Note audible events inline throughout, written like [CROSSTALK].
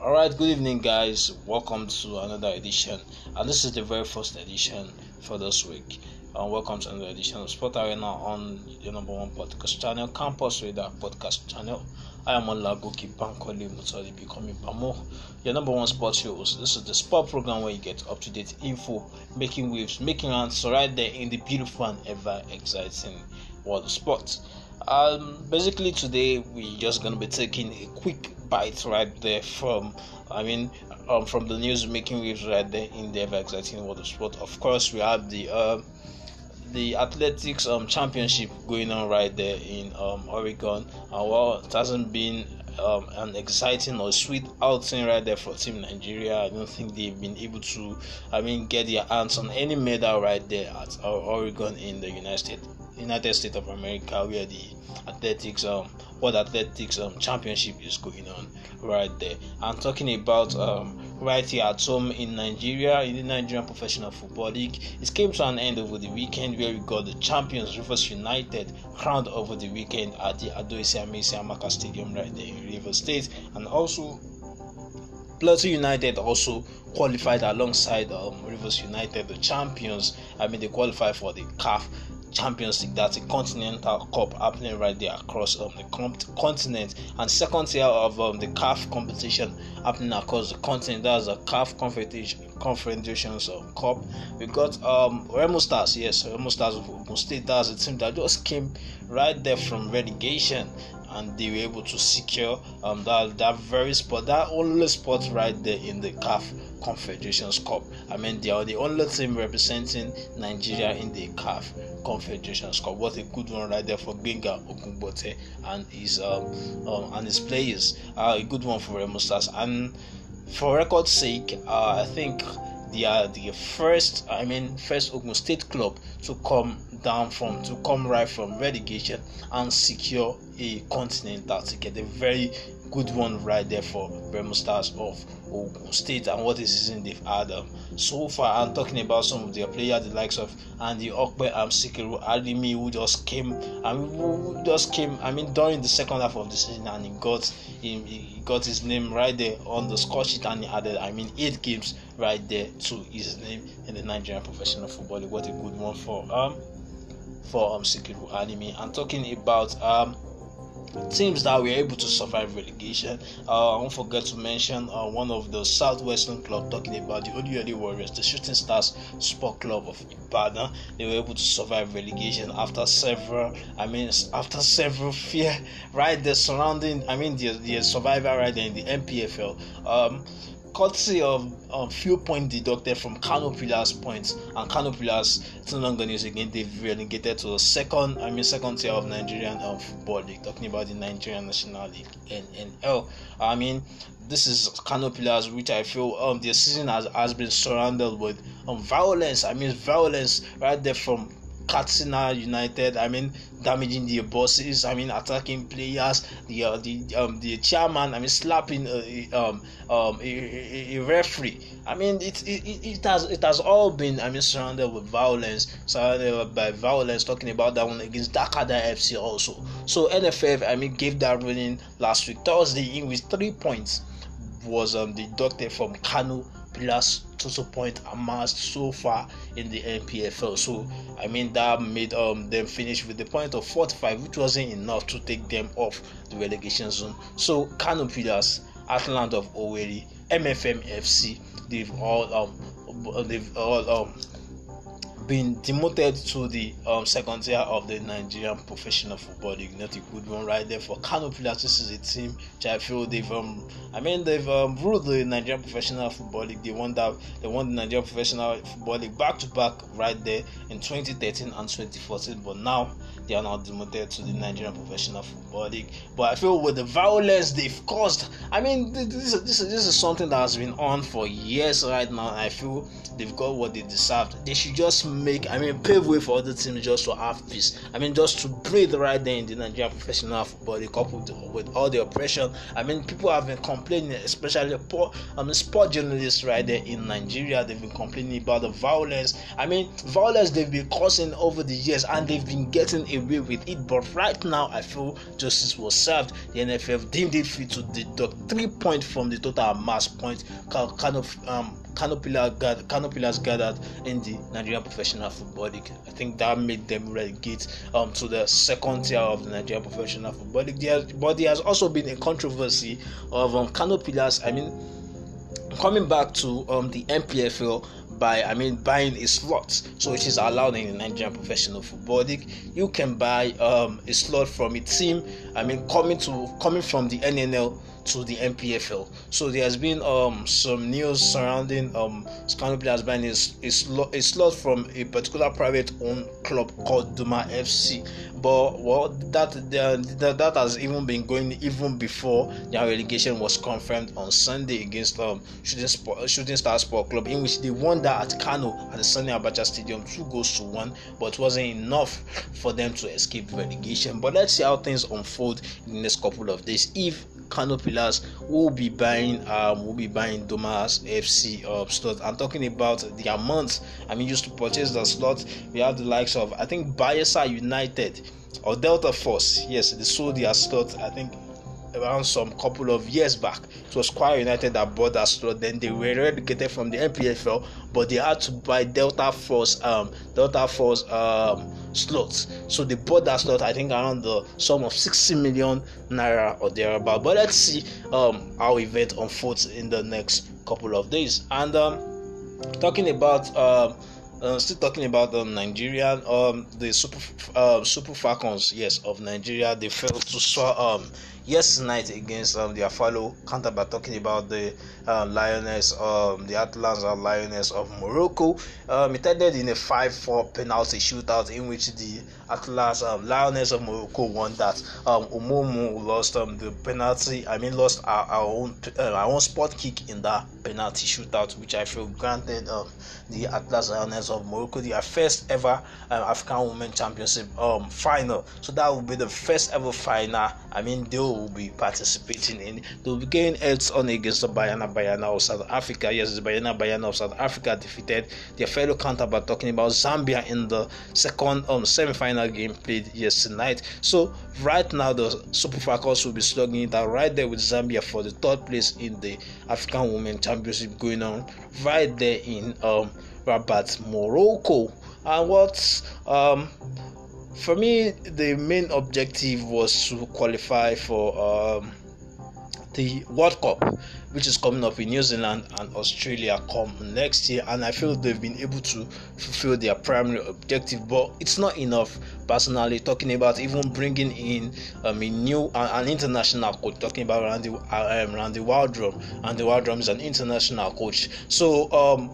all right good evening guys welcome to another edition and this is the very first edition for this week and welcome to another edition of sport arena on the number one podcast channel campus radar podcast channel i am olagoki bankole mutali becoming Bamo, your number one sports host this is the sport program where you get up-to-date info making waves making answers right there in the beautiful and ever exciting world of sports um, basically, today we're just gonna be taking a quick bite right there from, I mean, um, from the news making waves right there in the ever-exciting world of sport. Of course, we have the uh, the athletics um, championship going on right there in um, Oregon, and while it hasn't been um, an exciting or sweet outing right there for Team Nigeria. I don't think they've been able to, I mean, get their hands on any medal right there at uh, Oregon in the United States. United States of America, where the athletics um World Athletics um Championship is going on right there. I'm talking about um right here at home in Nigeria in the Nigerian Professional Football League. It came to an end over the weekend where we got the champions Rivers United crowned over the weekend at the Adoisia Amaka Stadium right there in Rivers State, and also Plateau United also qualified alongside um, Rivers United, the champions. I mean, they qualified for the CAF Champions League. That's a continental cup happening right there across um, the continent. And second tier of um, the CAF competition happening across the continent. That's a CAF Confederation Confederations um, Cup. We got um, Remo Stars. Yes, Remo Stars State. That's a team that just came right there from relegation. And they were able to secure um, that that very spot, that only spot right there in the CAF Confederations Cup. I mean, they are the only team representing Nigeria in the CAF Confederation Cup. What a good one right there for Benga Okunbote and his um, um, and his players. Uh, a good one for Remo Stars. And for record's sake, uh, I think they are the first i mean first ogun state club to come down from to come right from relegation and secure a continental ticket a very good one right there for Bremo Stars of Ogun State and what a season they've had um, so far. I'm talking about some of their players, the likes of Andy Okpe and um, Sikiru Alimi, who just came. I mean, who just came. I mean, during the second half of the season, and he got he, he got his name right there on the score sheet, and he added, I mean, eight games right there to his name in the Nigerian professional football. What a good one for um for um Sikiru Alimi. I'm talking about um teams that were able to survive relegation. Uh, I won't forget to mention uh, one of the Southwestern club talking about the Odiodi Warriors, the Shooting Stars Sport Club of Ibadan. They were able to survive relegation after several, I mean, after several fear [LAUGHS] right The surrounding, I mean, the, the survivor right there in the MPFL. Um, courtesy of um, few points deducted from Kano Pillars points, and Kano Pillars it's no longer news again. They've relegated to the second, I mean, second tier of Nigerian um, football league. Talking about the Nigerian National League (NNL). I mean, this is Kano Pillars, which I feel um the season has, has been surrounded with um violence. I mean, violence right there from Katsina United. I mean, damaging their bosses. I mean, attacking players. The uh, the um, the chairman. I mean, slapping uh, a, um, um, a, a, referee. I mean, it, it it has it has all been I mean surrounded with violence, surrounded by violence. Talking about that one against Dakada FC also. So NFF I mean gave that ruling last week Thursday in with three points was um, deducted from Kanu Last total point amassed so far in the NPFL. So I mean that made um, them finish with the point of 45, which wasn't enough to take them off the relegation zone. So Kano Pillars, Atlanta of Oweri, MFMFC, they've all um, they've all um, been demoted to the um, second tier of the Nigerian Professional Football League. Not a good one right there for Kano This is a team which I feel they've um, I mean, they've um, ruled the Nigerian Professional Football League. They won that. They won the Nigerian Professional Football League back to back right there in 2013 and 2014. But now they are now demoted to the Nigerian Professional Football League. But I feel with the violence they've caused, I mean, this this this is something that has been on for years right now. I feel they've got what they deserved. They should just make, I mean, pave way for other teams just to have peace. I mean, just to breathe right there in the Nigerian Professional Football League, coupled with all the oppression. I mean, people have been. Comp- complaining, especially poor I mean sport journalists right there in Nigeria. They've been complaining about the violence. I mean violence they've been causing over the years and they've been getting away with it. But right now I feel justice was served. The NFF deemed it fit to deduct three points from the total mass point kind of um Canopilas gathered, in the Nigerian Professional Football League. I think that made them relegate um, to the second tier of the Nigerian Professional Football League. There, but there has also been a controversy of um, Canopilas, I mean, coming back to um, the MPFL by I mean buying a slot, so it is allowed in the Nigerian Professional Football League. You can buy um, a slot from a team. I mean coming to coming from the NNL to the MPFL. So there has been um, some news surrounding um, Scanopy has banned a, a, slot, a slot from a particular private-owned club called Duma FC. But well, that, that that has even been going even before their relegation was confirmed on Sunday against um, Shooting, Sport, Shooting Star Sport Club, in which they won that at Kano at the Sunday Abacha Stadium two goals to one, but wasn't enough for them to escape relegation. But let's see how things unfold in the next couple of days if Kano Pillars will be buying um will be buying Domas FC uh, um, slot. I'm talking about the amount I mean used to purchase the slot. We have the likes of I think Bayesa United or Delta Force. Yes, they sold their slot. I think around some couple of years back. It was Choir United that bought that slot. Then they were relegated from the MPFL, but they had to buy Delta Force um, Delta Force um, slots. So they bought that slot. I think around the sum of 60 million naira or thereabout. But let's see um, how event unfolds in the next couple of days. And um, talking about um, uh, still talking about the um, Nigerian um, the Super uh, Super Falcons, yes, of Nigeria, they failed to score um yesterday night against um their fellow counterpart. Talking about the uh, Lioness, um the Atlanta Lioness of Morocco, um it ended in a five-four penalty shootout in which the Atlas um, Lioness of Morocco won that. Um, Umomu lost um the penalty. I mean, lost our, our own uh, our own spot kick in that penalty shootout, which I feel granted um the Atlas Lioness of Morocco, their first ever um, African Women Championship um, final. So that will be the first ever final. I mean, they will be participating in. They will be going heads on against the Bayana Bayana of South Africa. Yes, the Bayana Bayana of South Africa defeated their fellow counterpart, talking about Zambia in the second um, semi-final game played yesterday night. So right now, the Super Falcons will be slugging it out right there with Zambia for the third place in the African Women Championship going on right there in um Rabat, Morocco. And what um, for me, the main objective was to qualify for um, the World Cup, which is coming up in New Zealand and Australia come next year. And I feel they've been able to fulfill their primary objective, but it's not enough. Personally, talking about even bringing in um, a new uh, an international coach, talking about Randy uh, um, Randy Waldrum, and the Waldrum is an international coach. So um,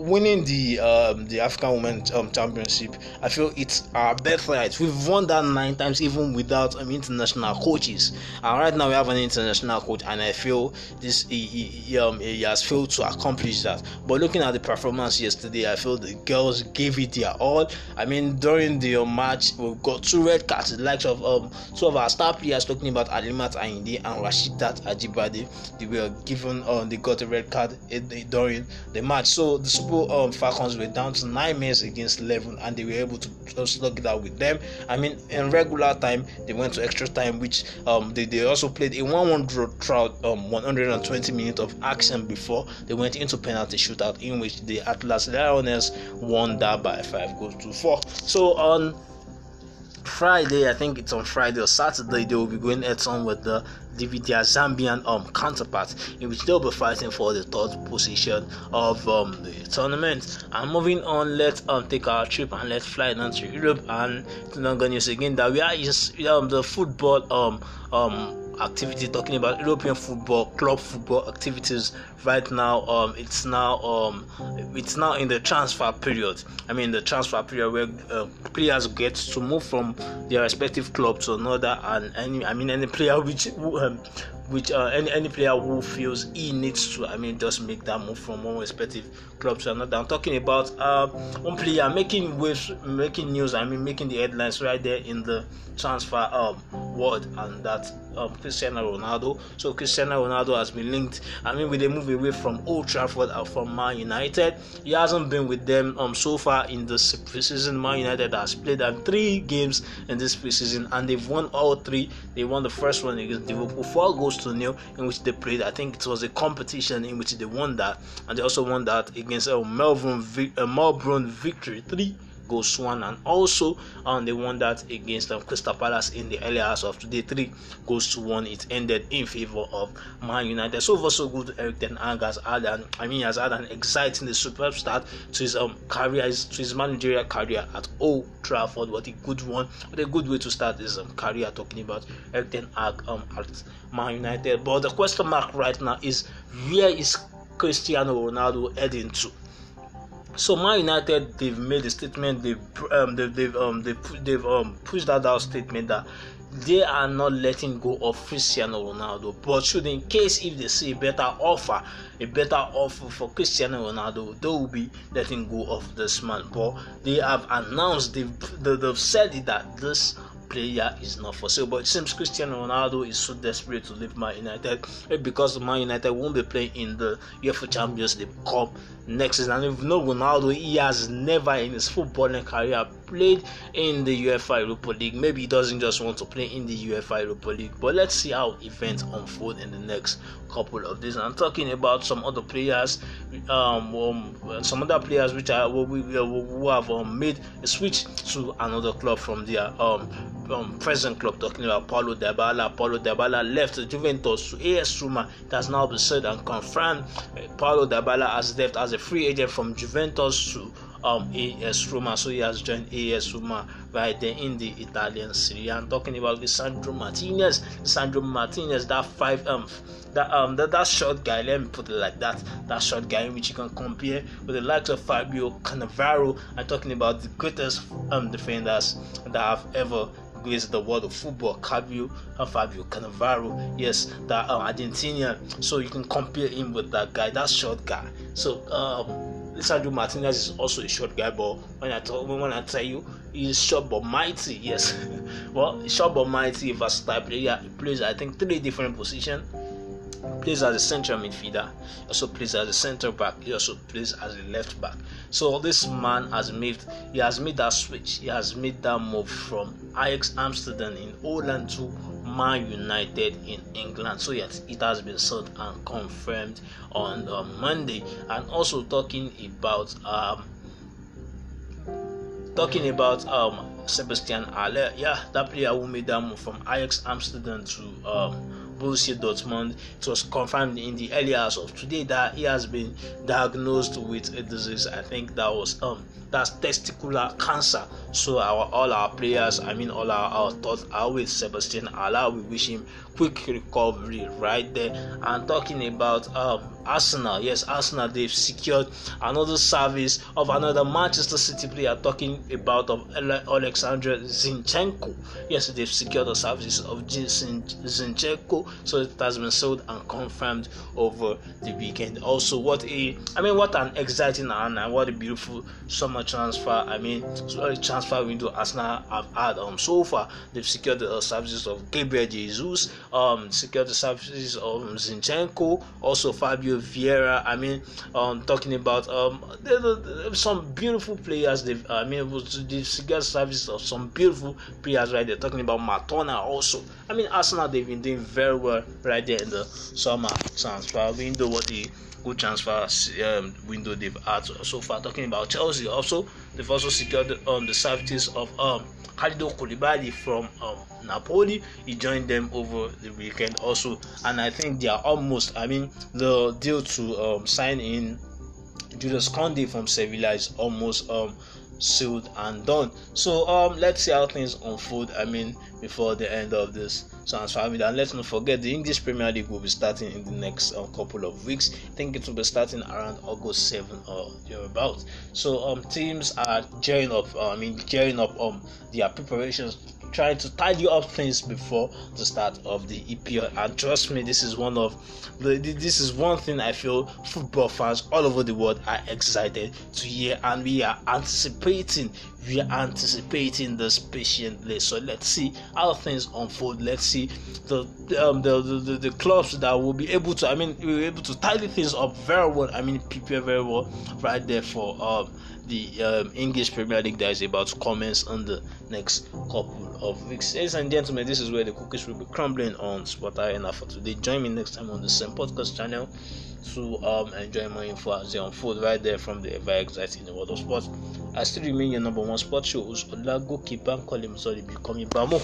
winning the um, the African Women um, Championship, I feel it's our birthright. We've won that nine times, even without um, international coaches. And right now, we have an international coach, and I feel this he, he, um, he has failed to accomplish that. But looking at the performance yesterday, I feel the girls gave it their all. I mean, during the um, match, we've got two red cards, the likes of um, two of our star players, talking about Alimat Indi and Rashidat Ajibade. They were given, um, they got a red card eh, during the match. So the um, Falcons were down to nine minutes against 11, and they were able to slug it out with them. I mean, in regular time, they went to extra time, which um, they, they also played a 1 1 draw throughout um, 120 minutes of action before they went into penalty shootout, in which the Atlas Lions won that by 5 goals to 4. So, on um, Friday, I think it's on Friday or Saturday, they will be going heads on with the with their Zambian um counterparts, in which they'll be fighting for the third position of um, the tournament. And moving on, let's um take our trip and let's fly down to Europe and to Nanga News again. That we are just um the football um um activity talking about european football club football activities right now um it's now um it's now in the transfer period i mean the transfer period where uh, players get to move from their respective club to another and any i mean any player which um, which uh, any any player who feels he needs to, I mean, just make that move from one respective club to another. I'm talking about uh, one player making waves, making news. I mean, making the headlines right there in the transfer um, world, and that um, Cristiano Ronaldo. So Cristiano Ronaldo has been linked. I mean, with a move away from Old Trafford uh, from Man United, he hasn't been with them um, so far in this preseason. Man United has played three games in this preseason, and they've won all three. They won the first one against Liverpool, four goals to in which they played. I think it was a competition in which they won that, and they also won that against a uh, Melbourne, uh, Melbourne victory three Goes 1 and also on um, the one that against um, Crystal Palace in the early hours of today. 3 goes to 1. It ended in favor of Man United. So far, so good. Eric Ten Hag has had an, I mean, has had an exciting, a superb start to his um, career, his, to his managerial career at Old Trafford. What a good one. What a good way to start his um, career talking about Eric Ten Hag um, at Man United. But the question mark right now is where is Cristiano Ronaldo heading to? So Man United, they've made a statement. They've um, they've they've um, they they've um, pushed that out statement that they are not letting go of Cristiano Ronaldo. But should in case if they see a better offer, a better offer for Cristiano Ronaldo, they will be letting go of this man. But they have announced, they've, they've said that this player is not for sale. But it seems Cristiano Ronaldo is so desperate to leave Man United eh, because Man United won't be playing in the UEFA Champions League Cup next season. And if no Ronaldo, he has never in his footballing career played in the UFI Europa League. Maybe he doesn't just want to play in the UFI Europa League, but let's see how events unfold in the next couple of days. I'm talking about some other players, um, um some other players which are who have um, made a switch to another club from their um, um present club. Talking about Paulo Dybala. Paulo Dybala left Juventus to AS Roma. It has now been said and confirmed. Paulo Dybala has left as a free agent from Juventus to um, AS Roma. So he has joined AS Roma right there in the Italian Serie. I'm talking about Sandro Martinez. Sandro Martinez, that five um that um that, that short guy, let me put it like that. That short guy in which you can compare with the likes of Fabio Cannavaro. I'm talking about the greatest um defenders that have ever graced the world of football, Fabio, and uh, Fabio Cannavaro, yes, that uh, Argentinian. So you can compare him with that guy, that short guy. So um, Lisandro Martinez is also a short guy, but when I tell when I tell you he's short but mighty, yes. [LAUGHS] well, short but mighty, versatile player. He plays I think three different positions. Plays as a central midfielder, also plays as a centre back, he also plays as a left back. So this man has made he has made that switch, he has made that move from Ajax Amsterdam in Holland to Man United in England. So yes, it has been sold and confirmed on uh, Monday. And also talking about um, talking about um, Sebastian Haller, yeah, that player who made that move from Ajax Amsterdam to um, Borussia Dortmund. It was confirmed in the early hours of today that he has been diagnosed with a disease. I think that was um that's testicular cancer so our all our prayers, I mean all our, our thoughts are with Sebastian Allah. We wish him quick recovery right there. And talking about um, Arsenal, yes, Arsenal they've secured another service of another Manchester City player. Talking about of Alexander Zinchenko, yes, they've secured the services of Zinchenko, so it has been sold and confirmed over the weekend. Also, what a I mean, what an exciting and what a beautiful summer transfer. I mean, sorry, transfer transfer window Arsenal have had um, so far. They've secured the uh, services of Gabriel Jesus, um, secured the services of um, Zinchenko, also Fabio Vieira. I mean, um, talking about um, they, they, some beautiful players. They've I mean, they've secured services of some beautiful players right there. Talking about Matona also. I mean, Arsenal they've been doing very well right there in the summer transfer window. What the good transfer um, window they've had so far. Talking about Chelsea, also they've also secured um, the services of um, Khalidou Koulibaly from um, Napoli. He joined them over the weekend also, and I think they are almost. I mean, the deal to um, sign in Julius Conde from Sevilla is almost um, sealed and done. So um, let's see how things unfold. I mean, before the end of this transfer window. And let's not forget the English Premier League will be starting in the next uh, couple of weeks. I think it will be starting around August 7 or about. So um, teams are gearing up. Uh, I mean, gearing up um, their preparations trying to tidy up things before the start of the EPL. And trust me, this is one of the, this is one thing I feel football fans all over the world are excited to hear, and we are anticipating. We are anticipating this patiently. So let's see how things unfold. Let's see the um, the, the, the, the clubs that will be able to. I mean, we are able to tidy things up very well. I mean, prepare very well right there for um, the um, English Premier League that is about to commence in the next couple of weeks. Ladies and gentlemen, this is where the cookies will be crumbling on Sport Arena for today. Join me next time on the same podcast channel to um, enjoy more info as they unfold right there from the ever exciting world of sports. I still remain your number one sports show host, Olagoke Bankolim Sorry, becoming Bamo.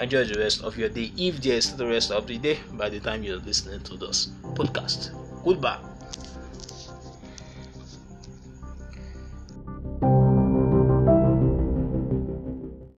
Enjoy the rest of your day if there is the rest of the day by the time you're listening to this podcast. Goodbye.